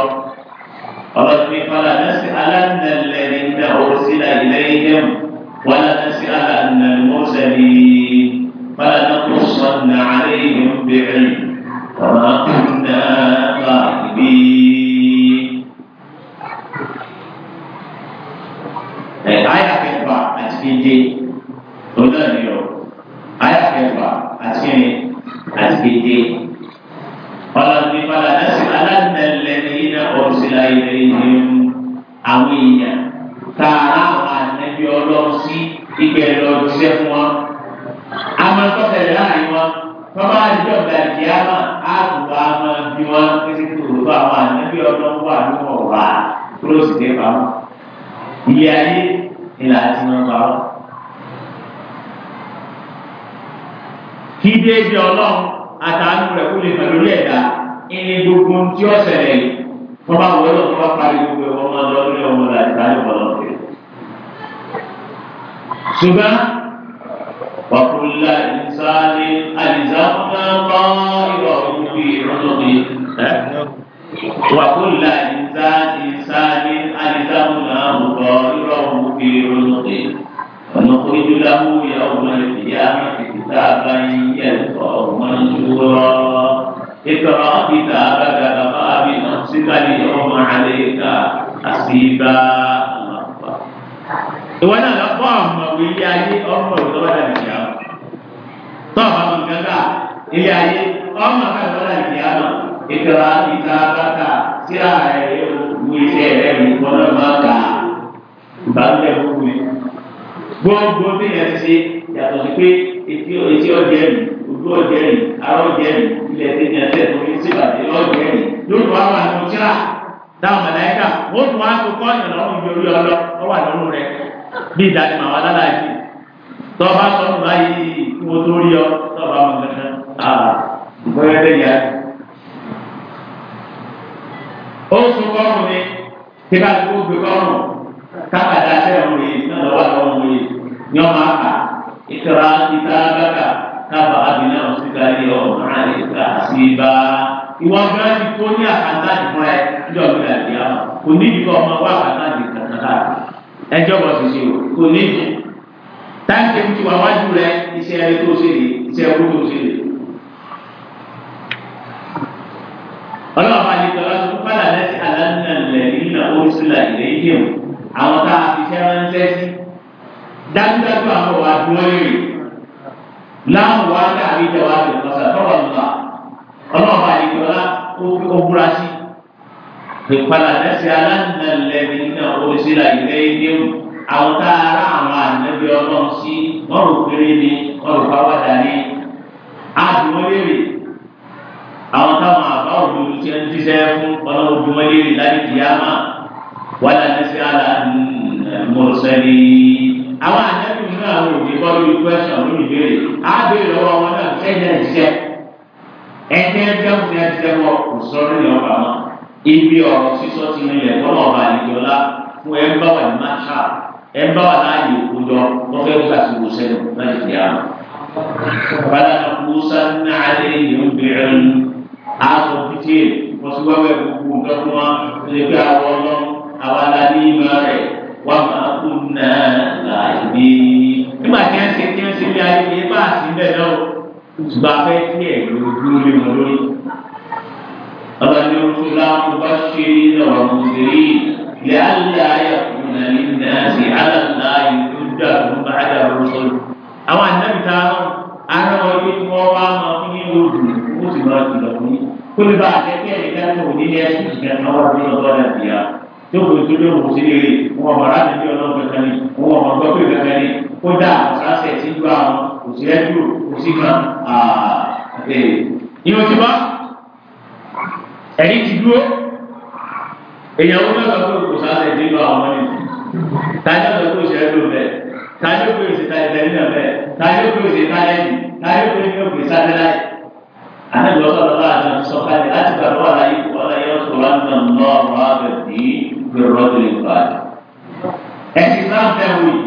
ọlọ́dúnrún ìfọlá nẹ́sì aláǹdẹ̀lẹ́rì iná òsílà ilé ìdẹ́m wọn nẹ́sì aláǹdẹ̀lẹ́mọ́sẹ̀lì fọlá nàkó sọ̀nà àlẹ́ ìhìn bẹ̀rẹ̀ ọ̀nà kúndà bàbí. ẹ̀ ayé àkẹfà àti kéde tó náà ni ọ̀ ayé àkẹfà àti kéde. ọlọ́ni padà lẹ́sí alánàlẹ́ni iná ọ̀sílá ilé yìí àwọn èèyàn tá a ànẹ́bí ọlọ́run sí ìgbẹ́ lọ jíṣẹ́ fún wọn. àwọn tọ́tẹ̀lẹ̀ láàrin wọn tọ́ba àjọba ìyáàmà àtùbà máa bí wọn kéṣe tó lóko àwọn ànẹ́bí ọlọ́run wà lóko ọ̀wà kúròsì dé pa wọn. ilé ayé ìlà àti wọn pa wọn. kí déédéé ọlọ́run àtàánú rẹ̀ kó lè mọ̀ lórí ẹ̀dá ilé gbogbo tí ó ṣẹlẹ̀ yìí wọ́n bá wọlé wọn bá parí gbogbo ẹ̀wọ̀n máa lọ nílé ọmọ rẹ̀ àtàánú wọn lọ sí. ṣùgbọ́n wàkúlá ìsáálé àlìsáfúnà bá ìwà òkú ìrọ́lọ́gbé wàkúlá ìsáálé àlìsáfúnà bá ìwà òkú ìrọ́lọ́gbé ọ̀nà kò ní dúdú ìyá àti كتابا يلقاه منشورا اقرأ كتابك كفى بنفسك اليوم عليك حسيبا ìwọ náà lọ fọ ọmọ wo ilé ayé ọmọ ìtọ́wọ́ náà nìyà ọ tó ọmọ ọmọ gàgà ilé ayé ọmọ ìtọ́wọ́ náà nìyà ọ ìtura ìta bàtà síra ẹ̀ wú iṣẹ́ rẹ̀ ní kọ́nà máa kà bá ń bẹ̀ fún mi gbogbo bí ẹ ṣe yàtọ̀ sí pé etí etí ọjẹ mi ojú ọjẹ mi ara ọjẹ mi ilẹ̀ tí ní ẹsẹ̀ tó ní síbàdí ọjẹ mi lóòtú àwọn àwọn ọ̀tíra dáhùn mọ̀láyíkà wọ́n tún wá tó kọ́ ìyànà ọ̀hún ìgbé orí ọlọ́ ọ wà lọ́rùn rẹ bí ìdáni màwá lálàájì tọ́ bá sọ nù báyìí kí wọ́n tó rí ọ tọ́ bá mọ̀ kankan àà bóyá lè yá. ó sún kọ́rùn ni kí bá tó gbé kọ́rùn kábàdà sẹ́wọ̀n yìí náà lọ́wọ́ àwọn ọmọ yìí ni ọ máa kà á ìkàrà ìtàgàkà kábà abiná ọ̀sígbàlẹ̀ ọ̀hún àlèkà sí ibà. ìwọ abúlé ti tó ní àkàtà ìfúnra ẹ ní ọ̀gbìn àti àwọn kò ní ìdíkọ̀ ọmọ wa àkàtà ìfúnra kàkàkà ẹjọ́ bọ̀ sì ṣe o kò ní ìdí. táǹkì ti wà wájú rẹ iṣẹ́ ẹ tó ṣe lè iṣẹ́ ẹkú tó ṣe lè. ọlọ́run àlejò ọlọ́run fún fàlànà sí àlànà lẹ́yìn náà ó ń sílẹ̀ ìlẹ́yìn àwọn tá a fi ṣẹ́ ránṣẹ́ sí dájúdájú àwọn wa tí wọ́n lérè láwọn wa ní àríjà wa lè lọ sí ọlọ́wọ́ lọ́la ọlọ́wọ́ àyíkọ́lá ó búra sí ìpalà lẹ́sẹ̀ aláǹdàlẹ́bí náà ó sì là ilé ilé mu àwọn tá a rá àwọn ànábi ọlọ́run sí wọ́n rò péré ni wọ́n rò pàwádà ni a ti wọ́n lérè àwọn táwọn àbá òdodo ti ń díṣẹ́ fún ọlọ́run bí wọ́n lérè láti kìyàmá wàlá lẹ́sẹ̀ aláǹdàlẹ́bí mọ̀ọ́sẹ́lẹ́ àwọn àjẹbí nínú àwọn òbí kọ́ lórí kwẹ́sọ̀n lórí ìbéèrè á béèrè lọ́wọ́ wọn náà sẹ́yìn ẹ̀jẹ̀ ẹ̀jẹ̀ ẹ̀jẹ̀hùn ní ẹ̀jẹ̀ wọn kò sọ lórí ọba wọn ibi ọ̀rọ̀ sísọ ti ní ilẹ̀ tọ́lọ̀ ọba àdìgbọ́lá fún ẹ̀ ń bá wà ní máṣá ẹ̀ ń bá wà láàyè òkújọ wọ́n fẹ́ gbà sí wo sẹ́nu láti di àná. bàbá musa ní alẹ́ yìí ń bẹ̀rẹ̀ مبشرين ومنذرين لئلا يكون للناس على الله حجة بعد الرسل àwọn ànábì tá a rán ara wọn yé wọn bá máa fún yín lójú ó sì máa jùlọ fún yín kó lè bá akẹ́kẹ́ ẹ̀rí dáná òní ní ẹ̀sùn ìgbà náà wà nínú ọgbà nàìjíríà tó kò tó lé òun sí léèrè wọn ọmọ aráàlú ní ọlọ́run kankan ni wọn ọmọ ọgbọ́n pé kankan ni kódà ọ̀sán ṣẹ̀ sí gbà wọn kò sí ẹ̀dúró kò sí kan. inú ti máa ẹ̀rí ti dúró èèyàn wọn lọ́sọ̀ pé kò sáfẹ́ ìdí lọ àwọn ní tájọ́ sọ pé òṣèré ló bẹ̀ tájọ́ pé òṣèré tájọ́ tẹ̀lé náà bẹ̀ tájọ́ pé òṣèré tájọ́ yìí tájọ́ pé òṣèré òṣèré sáfẹ́ láì ànábi ọ̀sọ̀rọ̀ láàrin sọ̀kalẹ̀ láti gbàgbọ́ wà láyé wà láyé ọ̀sọ̀rọ̀ láńdà ńlọ ọ̀rọ̀ abẹ ní gbèrò tó lè gbà. ẹ̀sìn náà fẹ́ wò yìí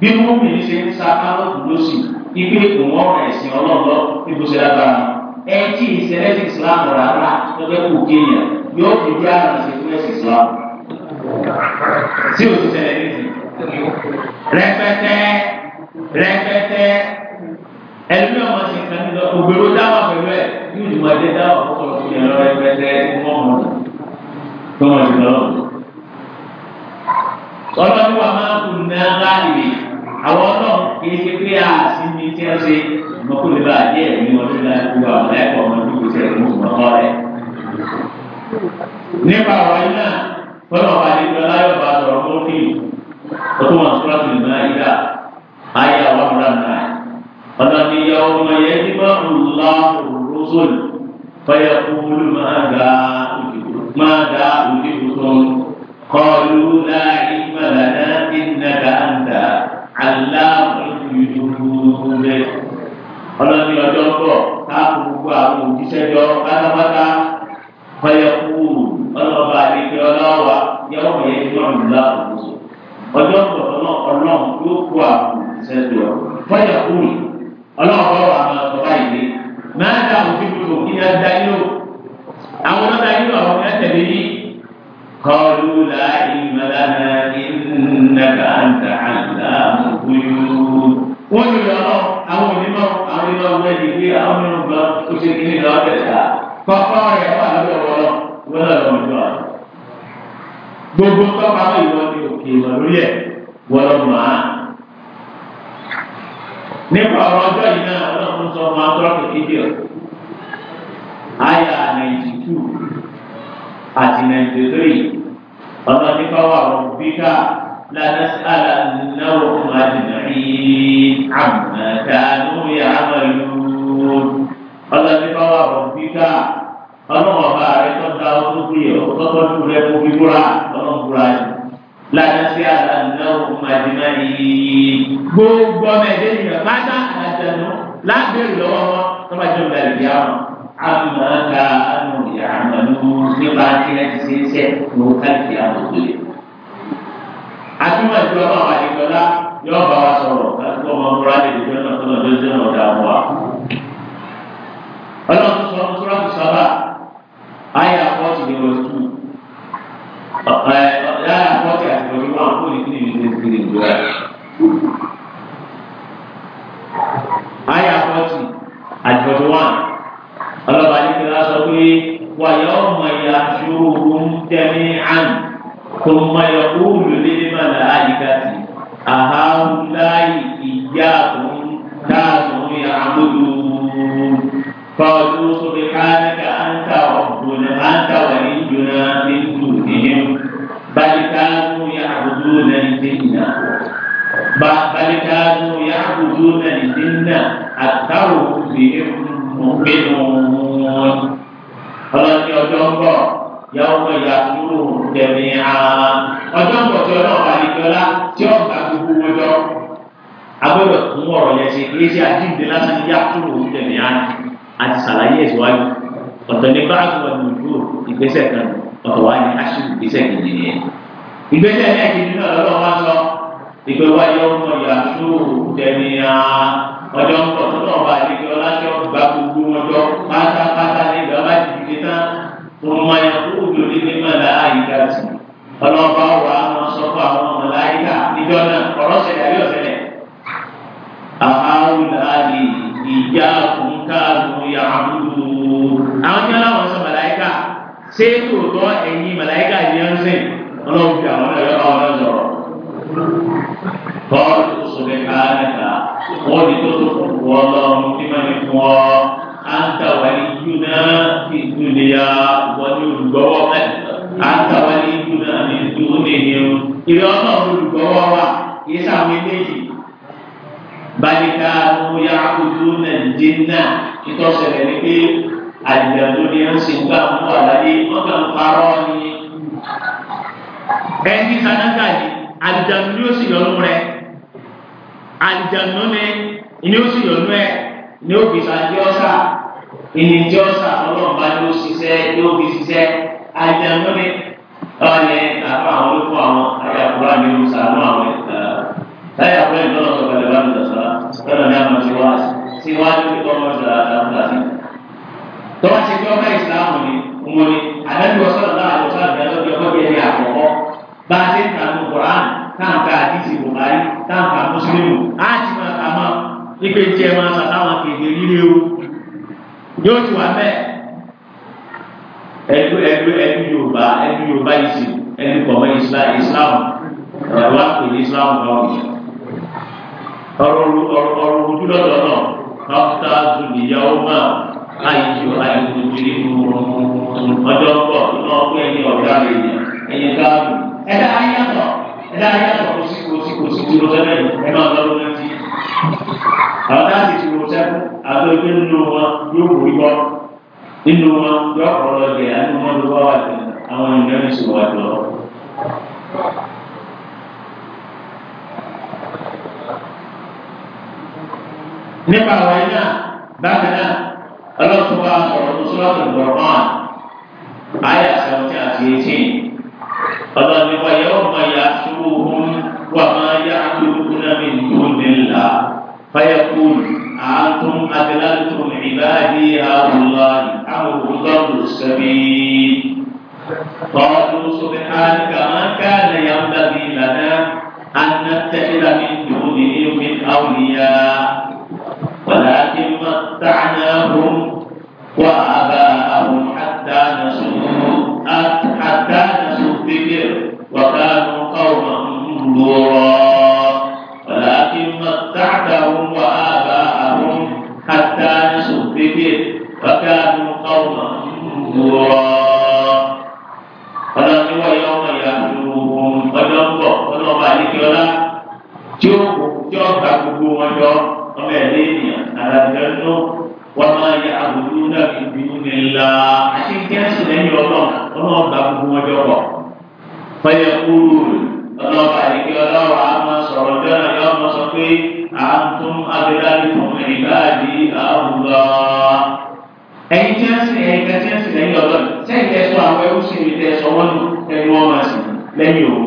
bí wọ́n mi ṣe ń sa kárọ̀tù lọ́sì ibi ìwọ̀n ẹ̀sìn ọlọ́ọ̀lọ́ ibùsùn lágbára ẹ tí ìṣẹ̀lẹ̀ sí islam rárá lọ́gbẹ́ kò kéèyàn yóò fi bí àwọn ìṣẹ̀lẹ̀ sí islam tí o ti ṣẹlẹ̀ ní ti rẹpẹtẹ rẹpẹtẹ ẹlẹ́mi ọmọ sì ń kàní lọ ògbèrò dáwà pẹ̀lú ẹ̀ ní ìdùmọ̀dé dáwà fọkọ̀ fún yẹn lọ rẹpẹtẹ fún ọmọ tó mọ̀ sí lọ. ọlọ́run wa máa kù ní aláìwé àwọn ọlọ́run kì í ṣe pé àṣìní tí wọ́n ṣe ìmọ̀kúlẹ̀ bá àjẹ́ ẹ̀mí wọn náà gbogbo àwọn ẹ̀kọ́ ọmọ tó kù sẹ́yìn mú ọmọ rẹ̀. nípa àwọn iná fọlọ́ wa ní ìgbà láyọ̀ bá sọ̀rọ̀ lórí ọdún wọn sọ́ra sí ìgbà ìgbà ayé àwọn ọ̀rọ̀ náà. ọ̀nà ni ìyá ọmọ yẹn ti máa ń la rọ́sọ̀l fẹ́yà kúlù máa máa ga òkè tuntun kọlu láì mọ̀lánà ìnàkà àǹdà aláàbò ìlú rẹ̀. ọ̀nà ni ọjọ́ bọ̀ àpò gbogbo àwọn òjíṣẹ́ jọ pátápátá ọyẹ kúrú ọlọ́ba àdéhùn ọlọ́wà yẹ́wọ́ yẹ kí wọ́n lù láàbùsọ ọjọ́ kọ̀ọ̀kan ọlọ́run yóò kó àpò òjíṣẹ́ jọ ọyẹ kúrú ọlọ́run ọ̀rọ̀ àwọn ọ̀tọ̀ba ìlé máa dá òfin tó kí ni ẹja yóò àwọn ọ̀dà yóò àwọn ẹ̀tẹ̀lẹ́ yìí kọlu láàyè mẹ́lánà lọ wẹ ní pé àwọn mẹ́rin gbọ́ kó ṣe kí ní lọ́ọ́ tẹ̀sà kọ́kọ́ rẹ̀ wà lọ́wọ́ wọlọ́ wọlọ́ lọ́wọ́ jọ à. gbogbo tọ́ka ìwọ ni òkè ìwọ lórí ẹ̀ wọlọ́ máa. nípa ọ̀rọ̀ ọjọ́ yìí náà ọlọ́run sọ máa tọ́ kékeré ọ̀ àyà nàìjí tù àti nàìjí tírì ọ̀nà nípa wà lọ́ لنسألنهم أجمعين عما كانوا يعملون الذي طوى ربك ọlọ́wọ́ bá rẹ tọ́ta ọdún pé ọ̀tọ́tọ́jú rẹ kó fi búra ọlọ́run búra yìí lánàá àlànàwó màdìmá yìí gbogbo ọmọ ẹ̀dẹ́ nìyẹn pátá àtẹnu lábẹ́rẹ́ lọ́wọ́ wọn tó bá jẹun dàrí ìyá wọn àmọ́ ká àánú ìyá àmọ́ nípa kí ẹ ti ṣe é ṣe káàkiri àwọn òkèlè àtúmọ̀ ìlú ọmọ àwọn àdìgbọ́lá yóò bá wa sọ̀rọ̀ láti kọ́ ọmọ múra lè dìjọ́ náà tó lọ sí ọjọ́ ọ̀dà wa. ọlọ́run sọ ọmọ sọ́ra tó sábà ayé àpọ́tì ní wọ́n tù ayé àpọ́tì àti wọ́n wà fún ìdí ìdí ìdí ìdí ayé àpọ́tì àti wọ́n wà ọlọ́ba ní kí pé wàyọ̀ ọmọ ìyá ṣòro ń tẹ̀lé àná. ثم يقول للملائكة أهؤلاء إياكم كانوا يعبدون قالوا سبحانك أنت ربنا أنت ولينا من دونهم بل كانوا يعبدون الجن بل كانوا يعبدون الجن أكثرهم بهم مؤمنون. الله يرجوك yàwó yàtúrò tẹ̀mí àá ọjọ́ pọ̀jọ́ náà wà ní kíọ́lá tí ó gbà gbogbo wọn jọ. agbọ́dọ̀ tún ọ̀rọ̀ yẹn ṣe kí ṣe àdínde lásán yàtúrò tẹ̀mí àá àti sàlàyé ìṣòwájú ọ̀tọ̀ ní báàgì wọn ní ìlú ìgbésẹ̀ kan ọ̀tọ̀ wá ní aṣíwò ìgbésẹ̀ kejì ni ẹ̀. ìgbésẹ̀ ẹ̀kejì náà lọ́wọ́ wá sọ ìgbé wa yọ ọmọ yàtúrò tẹ̀mí àá ọjọ́ pọ̀jọ́ náà wà ṣé tòótọ́ ẹ̀yin màláìka yìí ń sìn ọlọ́run fi àwọn ẹ̀rọ ọ̀rọ̀ sọ̀rọ̀ kọ́ọ̀lù tó sọ bẹ́ẹ̀ ká nìka wọ́n ní tó tó fún wọn lọ́run tí wọ́n ní fún ọ àǹtà wà ní júnà fi dúnìyà wọ́n ní olùgbọ́wọ́ mẹ́ àǹtà wà ní júnà fi dúnìyà ìrẹ́ ọlọ́run olùgbọ́wọ́ wa kì í sàmì méjì bá ní ká ló yá ojú nàìjíríà ìtọ́sẹ̀rẹ̀ ní pé àdìgbàdo dunia ó sì ń gbà ń bọ̀ àlàyé wọ́n kàn ń parọ́ ni. ẹni sanaka ni àdìgbàdo ni ó sì yọnu rẹ àdìgbàdo ni ni ó sì yọnu ẹ ni ó fi sàdí ọ̀sà ìní tí ọ̀sà ọlọ́run bá yóò ṣiṣẹ́ yóò fi ṣiṣẹ́ àdìgbàdo ni ọ̀nẹ́ àbá àwọn olóko àwọn ayàkúrò àmì ìrùsà àwọn àwọn ẹ̀ tọ́wọ́ ti gbé ọmọ ìsìláàmù ni òun ni àdáni ọ̀sán ọ̀la àlọ́sán àbẹ̀lẹ́ ọ̀dẹ ọmọdé ẹni àkọ́kọ́ bá a ti ń tàn kùrán táǹkà àdìsí bùkárí táǹkà mùsùlùmù á ti máa kà máa ipe jẹ máa sàtáwọn kéde líle o yóò ti wà mẹ́ ẹnu ẹnu ẹnu yorùbá ẹnu yorùbá ìsì ẹnu kọ̀ọ̀mọ́ ìsìláàmù ẹ̀wá pèlè ìsìláàmù náà ọ̀rọ̀ ojú lọ́dọ̀ náà káfíńtà zùlìyàwó ayíjú ayíjú kiri ọjọ́ pọ̀ lọ́gbẹ́ ní ọ̀gá rẹ̀ ẹ̀yẹ káàbù ẹ̀dá ayàtọ̀ ẹ̀dá ayàtọ̀ kò sí kò sí kò sí kúrò sẹ́lẹ̀ ẹ̀ máa lọ́wọ́ lẹ́tí. àwọn láti ti wo sẹ́kù àgbẹ̀gbẹ̀ nínú wọn yóò wò wíwọ́ nínú wọn yóò kọ̀ọ̀rọ̀ gẹ̀ nínú wọn ló bá wà jẹ àwọn ènìyàn ní sùn wà jọ. nípa àwọn ẹ̀yà bákan náà ọlọ́run bá sọ̀rọ̀ tó sọ́rọ̀ tó gbọ̀rọ̀ náà ayé àṣàwọ̀tí àti etí ọlọ́run ní wáyé ọmọ ya sọ́wọ́ ohun wà máa yá àdúgbò náà mi tó nílá fáyẹ̀kù àtún adìlátò ìbáàdì àwòlá àwòlọ́rù sẹ́mi. قالوا سبحانك ما كان ينبغي لنا أن نتخذ من دونه من أولياء ولكن متعناهم وآباءهم حتى نسوا حتى نسوا الذكر وكانوا قوما بورا ولكن متعتهم وآباءهم حتى نسوا الذكر وكانوا قوما بورا ọlọ́ni wọ yọ ọmọ ìyá lóhùn ọjọ́ ń bọ̀ ọlọ́mọ àdékẹ́ọ́lá tí ó kù tí ó ta gbogbo wọn jọ ọmọ ẹ̀ lé ènìyàn àlàjẹ́ náà wọ́n máa yẹ àbùkù náà fi bínú ní ńlá àti gẹ́sì lẹ́yìn ọlọ́run ọlọ́run gba gbogbo wọn jọ pọ̀. fẹ́yẹ kúrú ọlọ́ba ìgbé ọlọ́run á máa sọ̀rọ̀ dáná yọ ọmọ sọ pé à ń tún abẹ́dáàbí fún mi ìbáàdì àwùjọ. ẹ̀yin gẹ́sì ẹ̀yin gẹ́sì lẹ́yìn ọlọ́run sẹ́yìn tẹ̀sán àwọn ẹrú sí mi tẹ̀sán wọn nù ẹni wọn máa sì lẹ́yìn òun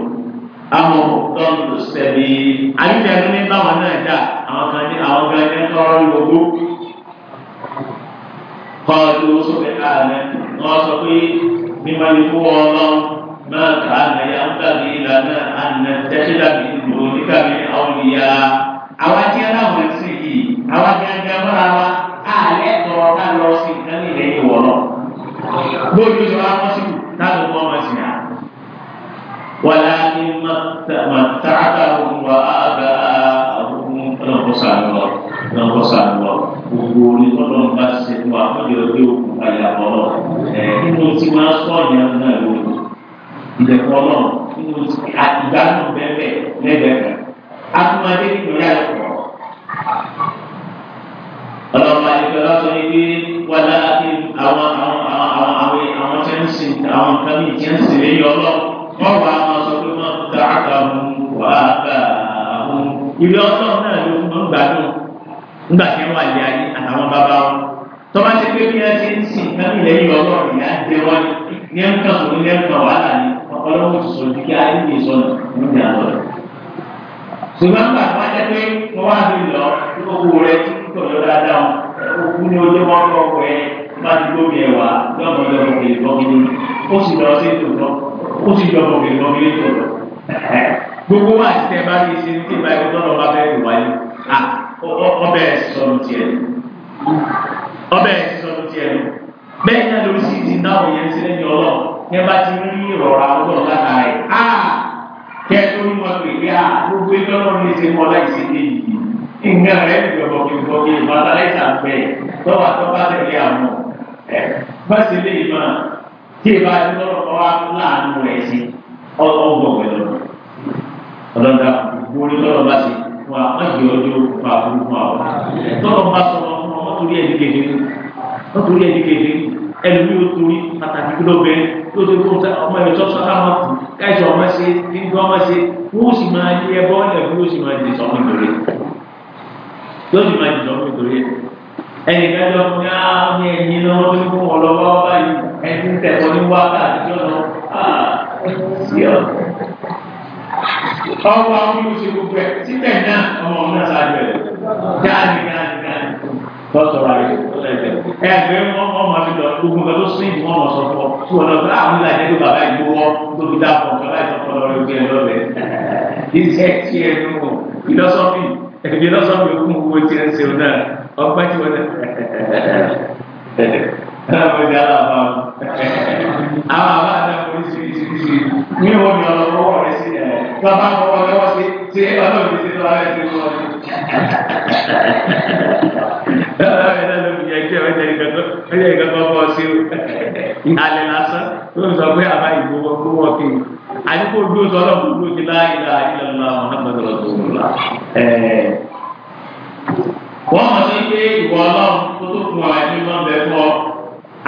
àwọn ọ̀tọ́ọ̀tọ̀ sẹ́bi àyùbẹ̀rún ní báwọn náà dà àwọn kan ní kọ́ọ̀dù sókè ààrẹ wọ́n sọ pé mímọ ikú ọlọ́run náà kà á nàyà ń gbàgbé ìlànà àná tẹ́sílà mi lò nígbà mi àwọn ìyá àwọn ẹ̀sìn yìí àwọn ajé ajé amára wa ààrẹ tọrọ ká lọ sí nǹkan ní wọ̀lọ́ lójú ìṣòro akọ́síwò táwọn ọmọ ọmọ sí náà. wàlá ni màtàkàrà òun wà á bá òun lọ́kọ̀ọ́sà lọ́kọ̀ọ́sà gbogbo onítọ́lọ́ ń bá ṣe fún wa kó yọ bí òkú padà bọ́lọ̀ nínú tí wọ́n sọ yẹn náà ló ní ìdẹ̀kọ́ náà nínú tí ìgbàlù bẹ́ẹ̀ lẹ́gbẹ̀ẹ́ kan akúmadé nínú yàrá kọ̀ ọlọ́pàá ìfẹ́lá sọ ní pé wàlá àwọn àwọn àwọn àwọn àwọn tí ń sìn àwọn kan ní tí ń sìn lé yọ lọ wọ́n wà á máa sọ pé wọ́n ta àgbà wọn wà á gbà wọn ìlú ọ̀sán náà ló ń gbàdúrà nígbà tí wọ́n wà ní ayé àtàwọn bàbá wọn tọ́ba ti pé kí wọ́n ti ń sìn nǹkan ilẹ̀ yìí ọlọ́run ní àgbẹ̀ wọn ní ẹ̀ǹkan òun ní ẹ̀ǹkan wàhálà ní ọlọ́run ti sọ ní kí ayé ní ìsọnù ní ìdí àlọ́ rẹ̀. ṣùgbọ́n nígbà tó wá jẹ́ pé wọ́n wá ní lọ tí owó rẹ̀ ti ń tọ̀ lọ́dá dáhùn òkú ní ojú wọn kọ́ ọkọ̀ ẹ̀ bá ti gbóbi ẹ̀wà lọ́mọdé ọmọ gbogbo wa ti tẹ bá ti ṣe ní tí ìbá ẹgbẹ́ tọ́lọ́ bá fẹ́ wáyé ọbẹ̀ sọ̀rọ̀ tiẹ̀ ọbẹ̀ sọ̀rọ̀ tiẹ̀ bẹ́ẹ̀ náà lórí sí ti náà yẹn ti lẹ́yìn ọlọ́ ní bá ti rí ìrọ̀rọ̀ àwọn ọ̀gá rẹ̀ á kẹ́ẹ̀tọ́ ní wọn pè pé á gbogbo ẹgbẹ́ wọn ní ṣe mọ́ láì sí ní yìí nǹkan rẹ̀ ń gbọ̀gbọ̀ kí n gbọ́ kí n bá láìsà pẹ́ tọ́wọ́ àtọ́ká tẹ̀lé àwọn fásitì lè máa tí ìbá ti lọ́rọ̀ kọ́ wa wọ́n jẹ ọjọ́ òkùnfà burúkú àwọn. tọ́lọ̀ bá sọ̀rọ̀ fún ọ torí ẹni kéde ní wọ́n torí ẹni kéde ní ẹni mi ò torí pàtàkì kí ló bẹ tó ti fún ọmọ ẹ̀ tó sọ́ká wọn kù káìsì ọmọ ṣe kí ní ọmọ ṣe wọ́n ó sì máa yí ẹbọ ọ̀lẹ̀ bí ó sì máa jẹ sọmọ ìtòrí yóò sì máa jẹ sọmọ ìtòrí ẹnì kájọ fún yá ní ẹyin náà wọ́n ti fún ọ báyìí ẹni tẹ̀kọ́ ní wákàtí jọ̀nà ọwọ́ àwọn olùsè gbogbo ẹ̀ síbẹ̀ náà ọmọ ọ̀nà sáájú ẹ̀ dáàbì dáàbì dáàbì lọ́sọ̀rọ̀ ayé ẹ̀ ẹgbẹ́ wọn ọmọ àti lọ gbogbo nǹkan tó sí ìdí wọn sọ fọ tí wọn lọ bá àwọn ilé àjẹjọ bàbá ìlú wọ tóbi dá fọ ọjọ́ láì tọkọ lọ rẹ gbẹ̀rẹ̀ lọrẹ iṣẹ́ tí ẹ nù ọ ìlọsọfì ìlọsọfì òkun owó tí ẹ ń ṣe náà ọgbà tí wọn [LAUGHS] náà. [LAUGHS] àwọn ìyá làwọn àwọn bàbá àkọ́kọ́ lọ́wọ́ sí tí ẹ bá tó lè ṣe lọ́wọ́ ẹ̀ tó lọ́wọ́ sí. dáadáa ẹ̀ lẹ́nu ìyá ẹgbẹ́ ọ̀jẹ̀ ìgbàgbọ́ bọ́ sí o ìhàlẹ̀ lásán tó ń sọ pé àbá ìgbó wọn kó wọn kì í. àdìpọ̀ ojú sọ ọlọ́run ojú ti láàyè láàyè lọ́la Muhammadu Rasulullah. wọ́n mọ̀ sí pé ìwọ ọlọ́run tó tó fún ọ ẹni máa ń bẹ fún ọ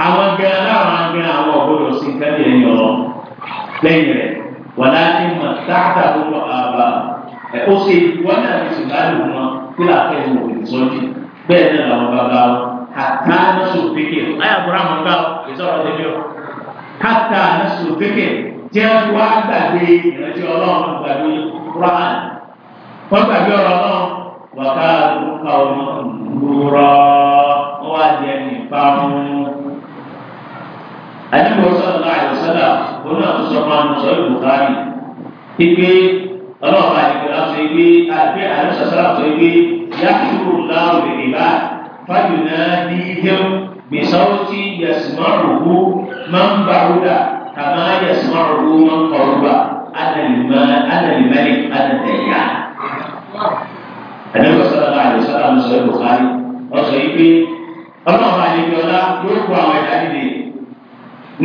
àwọn gẹ́gẹ́ láwọn gẹ́gẹ́ àwọn ọ̀gbọ́dọ̀ sí kẹ́lẹ́ ẹ̀yìn ọ lẹ́yìn rẹ̀ wàláàkì mọ̀ sáàtà gbogbo àbá ẹ̀ ó ṣe wọ́n náà fi sùn láàyè wọn kí làákẹ́ wọn ò lè sọ́jú bẹ́ẹ̀ náà làwọn bàbá wọn kàtà lọ́sù pékè ayé àbúrò àwọn bá ìsọ̀rọ̀ débi ọ̀ kàtà lọ́sù pékè jẹ́ wá gbàgbé ìrántí ọlọ́run gbàgbé kúrán wọ́n gbàgbé ọ̀rọ̀ náà wàká lóka ọmọ gbúrọ̀ wọ́n wá di ẹni ìparun. àdìgbò sọ̀rọ̀ àìsọ̀rọ̀ oní ọ̀tún sọ fún àwọn sọ̀rọ̀ Bukhari ìgbé ọlọ́ọ̀bá ìgbéra sọ ìgbé àgbẹ̀ àlùsọ̀sọ̀rọ̀ sọ ìgbé yàtúrò láwùrè ìbá fàjùnà ní ìhẹ́wò bisawuti yasimaruhu man baruda kama yasimaruhu man kọruba analimali anadaya. Àdébọ̀ sọ̀rọ̀ àdébọ̀ sọ̀rọ̀ àmì sọ̀rọ̀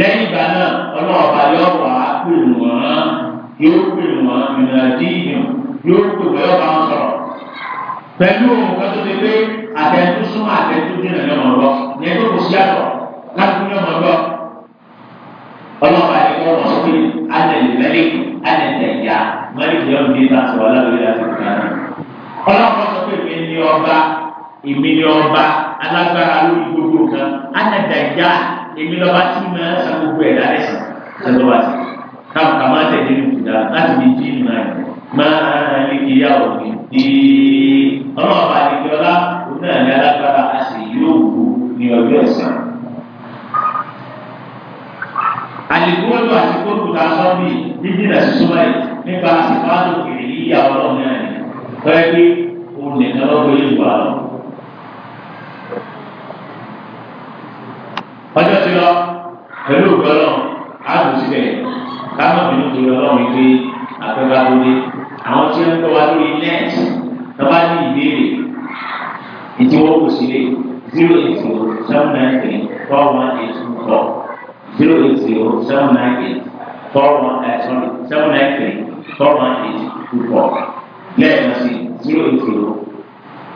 lẹ́yìn ìgbà náà ọlọ́ọ̀bá yóò wá pè wọ́n yóò pè wọ́n ìrìnàdíyàn yóò pè wọ́n yóò bá wọn sọ̀rọ̀ pẹ̀lú ohun kan tó ti pé àtẹ̀tú súnmọ́ àtẹ̀tú dínà ní ọmọ lọ ní ẹgbẹ́ kò sí àtọ̀ láti ní ọmọ lọ ọlọ́ọ̀bá yìí kọ́ wọn pé alẹ́lẹ́ mẹ́lẹ́ alẹ́lẹ́ ìyá mẹ́lẹ́ ìyá òde bá sọ ọlọ́ọ̀bá yìí ọlọ́ọ̀bá sọ pé èmi ni ọba èmi ni ọba alágbára lórí gbogbo kan alẹ́dàá ìyá èmi lọ́ba tí mo máa ń sa gbogbo ẹ̀ lálẹ́ sàn ṣe lọ́ba tí káwọn kà máa tẹ̀lé ní kùdà láti lè dín ní máa máa lè kí yá òbí ní ọlọ́run àdìgbẹ́ ọlá òun náà ní alágbára a sì yóò wù ní ọjọ́ ẹ̀sán. àdìgbò ọjọ́ àti kókò tá a sọ bí dídí náà sì súnmọ́ ẹ̀ nípa àsìkò àdókè yíyá ọlọ́run náà ní pẹ́ẹ́lí òun nìkan lọ́gbọ́ yóò wà lọ́wọ́. ọjọ́ ti lọ pẹ̀lú ògbọ́lọ́ àbùsí bẹ̀rẹ̀ káwọn bínú torí ọlọ́run pé àfẹ́fà tó dé àwọn tí wọ́n ń tọ́wá lórí net tọ́wá ní ìbéèrè ìdí wọ́n kò sílẹ̀ zero eight zero seven nine three four one eight two four zero eight zero seven nine eight four one uh, sorry seven nine three four one eight two four lẹ́ẹ̀kan sí zero eight zero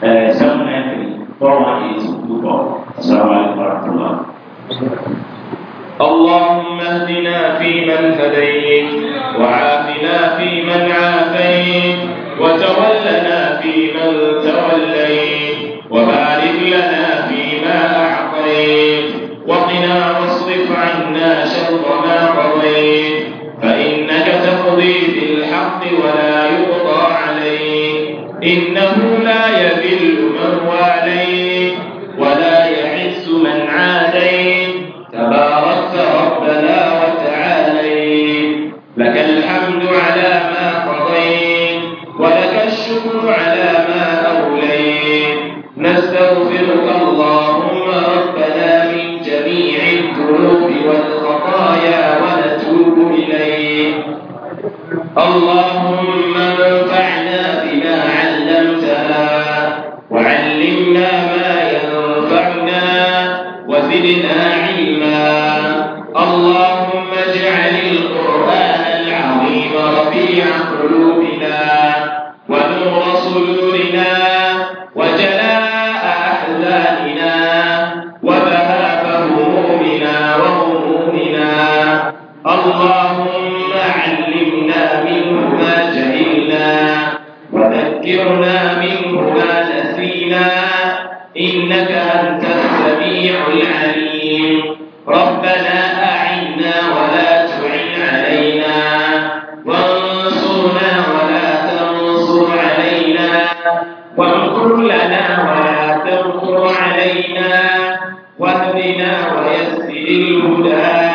eh, seven nine three four one eight two four asalaamualeykum wa rahmatulah. اللهم اهدنا فيمن هديت وعافنا فيمن عافيت وتولنا فيمن توليت هدينا واهدنا ويسر الهدى